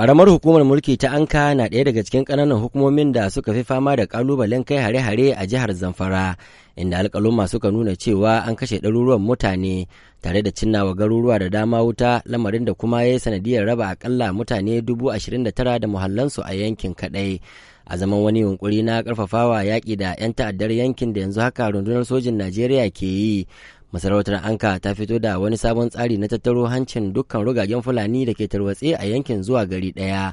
karamar hukumar mulki ta Anka na ɗaya daga cikin ƙananan hukumomin da suka fi fama da ƙalubalen kai hare-hare a jihar Zamfara, inda alƙaluma suka nuna cewa an kashe ɗaruruwan mutane tare da cinnawa garuruwa da dama wuta lamarin da kuma ya yi sanadiyar raba aƙalla mutane dubu ashirin da tara da muhallansu a yankin kaɗai. A zaman wani yunƙuri na ƙarfafawa yaƙi da 'yan ta'addar yankin da yanzu haka rundunar sojin Najeriya ke yi, masarautar anka ta fito da wani sabon tsari na tattaro hancin dukkan rugagen fulani da ke tarwatse a yankin zuwa gari ɗaya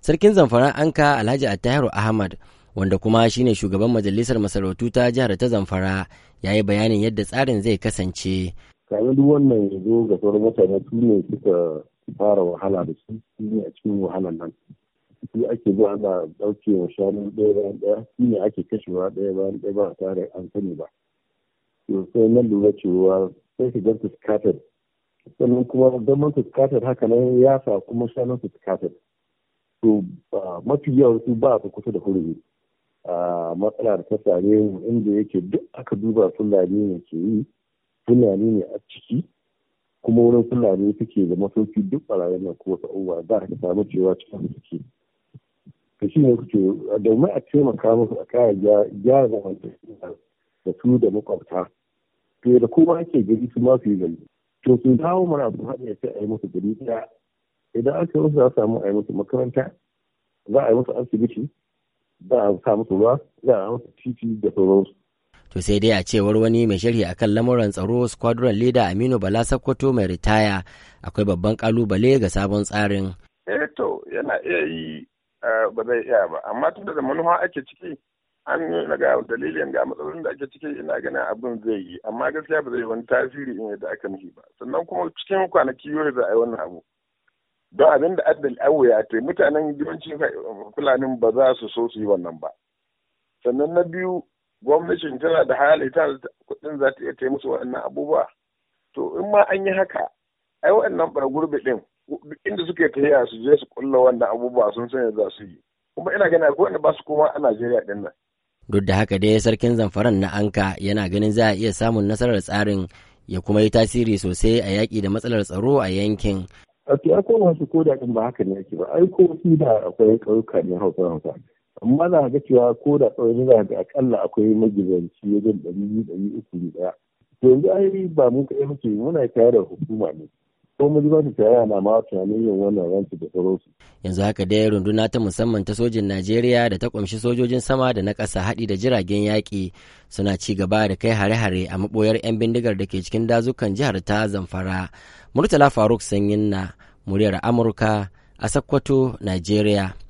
sarkin zamfara anka alhaji attahiru ahmad wanda kuma shine shugaban majalisar masarautu ta jihar ta zamfara ya yi bayanin yadda tsarin zai kasance kaga duk wannan zo ga sauran mutane su ne suka fara wahala da su su ne a cikin wahalar nan su ake zuwa ana ɗauke wa shanu ɗaya bayan ɗaya su ne ake kashewa ɗaya bayan ɗaya ba tare an sani ba to sai na lura cewa sai shigar fuskatar sannan kuma zaman fuskatar haka nan ya sa kuma shanan fuskatar to mafi yawan su ba su kusa da hurumi matsala da ta same inda yake duk aka duba fulani ne ke yi fulani ne a ciki kuma wurin fulani suke da masauki duk barayen ko wasu uwa za ka samu cewa cikin suke ka shi ne kuke domin a taimaka musu a kayan gyara da su da makwabta to da kuma ake gari su mafi gari to su dawo mana abu haɗa sai a yi musu gari ɗaya idan aka musu za samu a yi musu makaranta za a yi musu asibiti za a sa musu ruwa za a musu titi da sauransu. to sai dai a cewar wani mai sharhi akan lamuran tsaro squadron leader aminu bala sakkwato mai ritaya akwai babban kalubale ga sabon tsarin. eh to yana iya yi eh, ba zai iya ba amma tunda da manufa ake ciki yi na ga dalilin ga matsalolin da ake ciki ina ganin abin zai yi amma gaskiya ba zai yi wani tasiri in yadda aka nufi ba sannan kuma cikin kwanaki yau za a yi wannan abu don abin da ya ya ta mutanen yawancin fulanin ba za su so su yi wannan ba sannan na biyu gwamnatin tana da hali ta da kuɗin za ta iya ta musu waɗannan abubuwa to in ma an yi haka ai waɗannan ɓargurbi ɗin inda suke tafiya su je su kulla wannan abubuwa sun sanya za su yi kuma ina ganin akwai wanda ba su koma a Najeriya ɗin nan duk da haka dai sarkin zamfaran na anka yana ganin za a iya samun nasarar tsarin ya kuma yi tasiri sosai a yaƙi da matsalar tsaro a yankin a to akwai su ko da ba haka ne ake ba ai ko su da akwai ƙauyuka ne hausa hausa amma na ga cewa ko da tsawon za ga akalla akwai magidanci wajen ɗari ɗari uku ɗaya to yanzu ai ba mu kaɗai muke muna tare da hukuma ne ko mu za su tsaya na ma tunanin yin wannan ranci da sauransu. Yanzu haka dai runduna ta musamman ta sojin Najeriya da ta ƙunshi sojojin sama da na ƙasa haɗi da jiragen yaƙi suna ci gaba da kai hare-hare a maɓoyar 'yan bindigar da ke cikin dazukan jihar ta Zamfara. Murtala Faruk Sanyin na muryar Amurka a Sokoto, Najeriya.